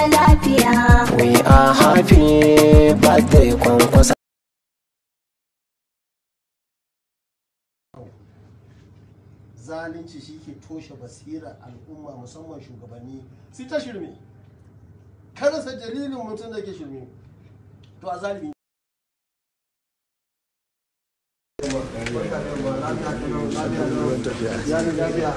kwana lafiya. We are happy birthday kwankwasa. zalunci shi ke toshe basira al'umma musamman shugabanni sai ta shirme karasa jaririn mutum da ke shirme to a zalimi lafiya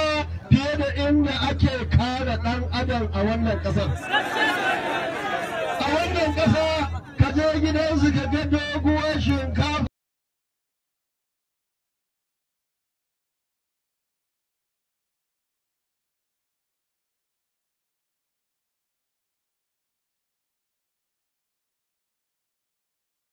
ake kare ɗan adam a wannan ƙasar. A wannan kasa ka je gidansu ka